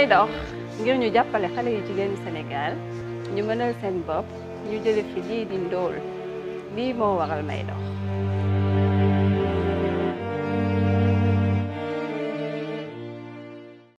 koy dox ngir ñu jàppale xale yu jigéenu Sénégal ñu mënal seen bopp ñu jële fi lii di ndóol lii moo waral may dox